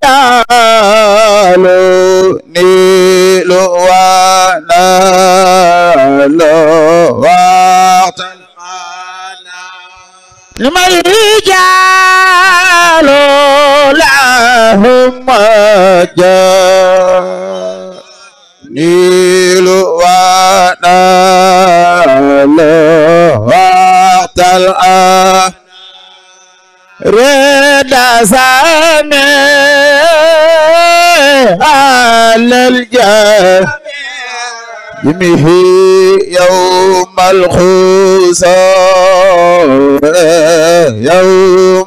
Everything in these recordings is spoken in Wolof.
jaalu niilu wa naalu waxtal maana may jaalu lahum niilu wa naalu على الجامه يوم الخصام يوم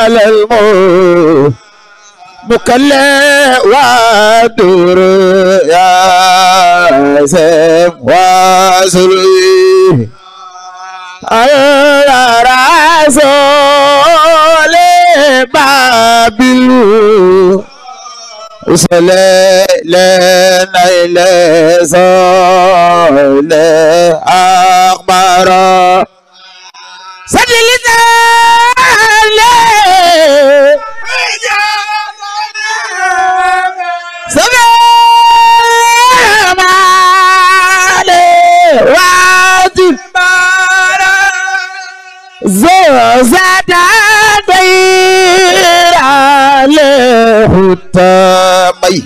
على الموت مكلا ودور يا سيف وسلوي يا رسول بابلو وصل لنا إلى صلى أخبار صلى زادا دير عليه التامي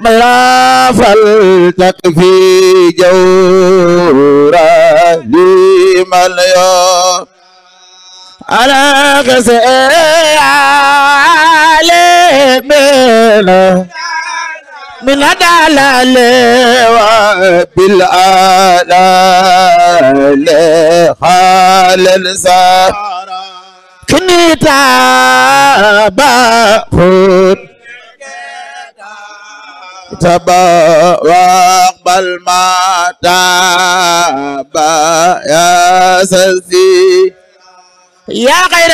لا فلتك في جورا لمن يوم على غزي عليمنا من الدلال وبالآلال خالد تباخد تبا واقبل ما تبا يا سلسي يا غير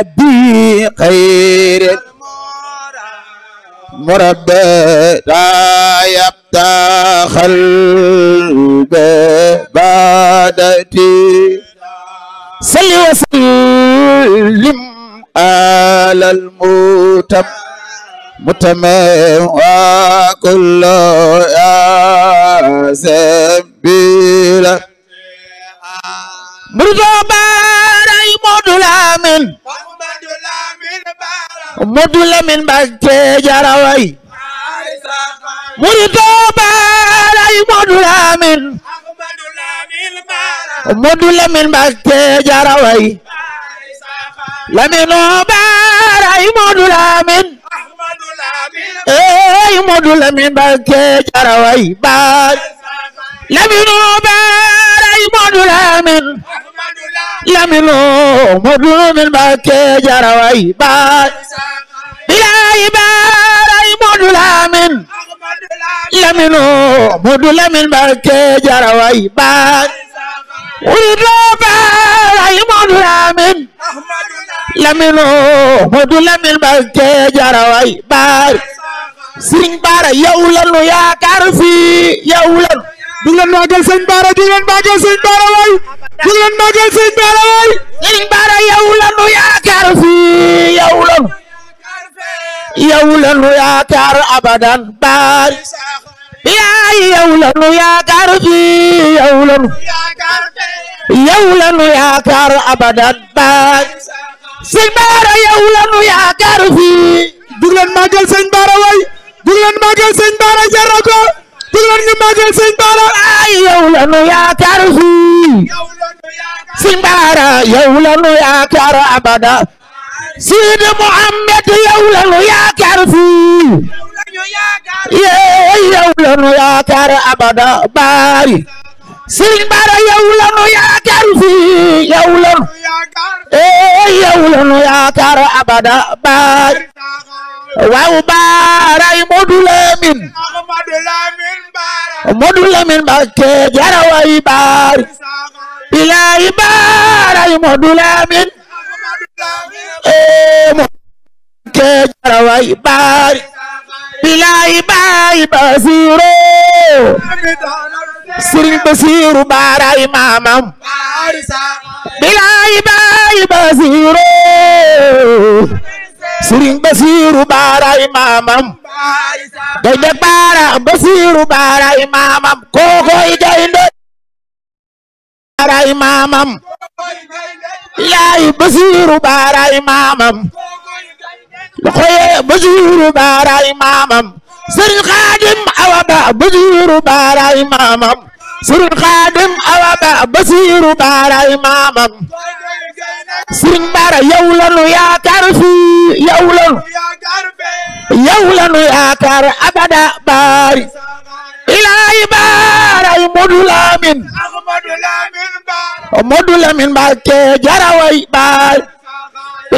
ربي خير مربى لا يبتخل ببادتي صلي وسلم المتم متمم وكل يا سبيل مرضى باري مدلامين مدلامين بكتي جراوي مرضى باري مدلامين مدلامين بكتي جراوي لمنو باري ey Modou Lamine ey eh, Modou Lamine Mbacké Caraway baaj Lamine baar ey Modou Lamine Lamine Modou Lamine Mbacké Caraway baaj bilaay baar ey Modou Lamine Lamine Modou Lamine Mbacké Caraway baaj wuri loo baar ey Modou Lamine laminu Moodu Lamin Mbakke jaraway baar sëriñ baara yow lanu yaakaar fii yow lanu du leen màggal sëñ baara du leen màggal sëñ baara way du leen màggal sëñ baara way sëriñ baara yow lanu yaakaar fii yow lanu yow lanu yaakaar abadan baar yaay yow lanu yaakaar fii yow lanu yow lanu yaakaar abadan baar sëñ Baara yow la nu yaakaar fii. jug leen màggal sëñ Baara waay jug leen màggal sëñ Baara jar na ko jug leen ñu màggal sëñ Baara. ay yow la nu yaakaar fii. sëñ Baara yow la nu yaakaar abada. Sidi Muhammad yow la nu yaakaar fii. yow la nu yaakaar abada baari. Sëriñ Bara yow la nu yaakaar fi yow la nu eh yow la nu yaakaar abada baay waaw baaray Modu Lamin Modu Lamin Mbakke jaraway baar bilaay baaray Modu Lamin eh Mbakke jaraway baar bilaay baay Basiiro sëriñ Basiiru baaraay maamam bilaay baay Basiiru sëriñ Basiiru baaraay maamam gaynde baara Basiiru baaraay maamam kookooy gaynde baaraay maamam bilaay Basiiru baaraay maamam loxoye Basiiru baaraay maamam sëriñ xaadim awa ba basiiru baaraay maamam sëriñ xaadim awa ba basiiru baaraay maamam sëriñ baara yow lanu yaakaar fii yow lanu yow lanu yaakaar abada baari ilaahi baaraay modu laamin modu laamin barke jaraway baar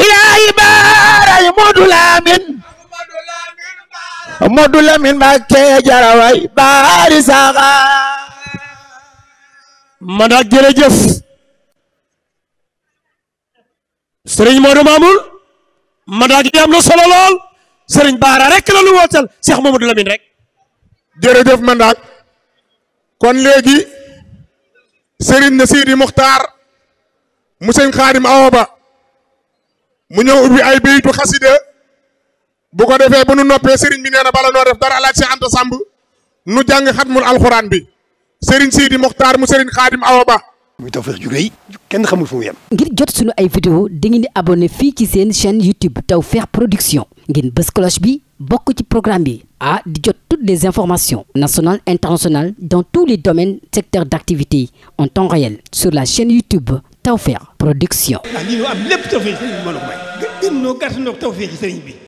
ilaahi baaraay modu laamin Modou Lamine Mbacké jaraway baari saxa ma daal jërëjëf sëriñ Modou Mamoul ma daal gi am na solo lool sëriñ Baara rek la lu wootal Cheikh Mamadou Lamine rek jërëjëf Mandak kon léegi Serigne na Sidi Muxtaar mu sëñ Xaadim Awa mu ñëw ubbi ay béytu xasida bu ko defee bu nu noppee sëriñ bi nee na bala noo def dara laaj si Anta Samb nu jàng xatmul alxuraan bi sëriñ Sidi Mokhtar mu sëriñ Xaadim Awa Ba. muy tawfeex ju rëy kenn xamul ngir jot sunu ay vidéo dangeen di abonné fii ci seen chaîne YouTube Tawfekh Production ngeen bës cloche bi bokk ci programme bi ah di jot toutes les informations nationales internationales dans tous les domaines secteurs d'activité en temps réel sur la chaîne YouTube Tawfekh Production. ah lii am lépp tawfeex sëriñ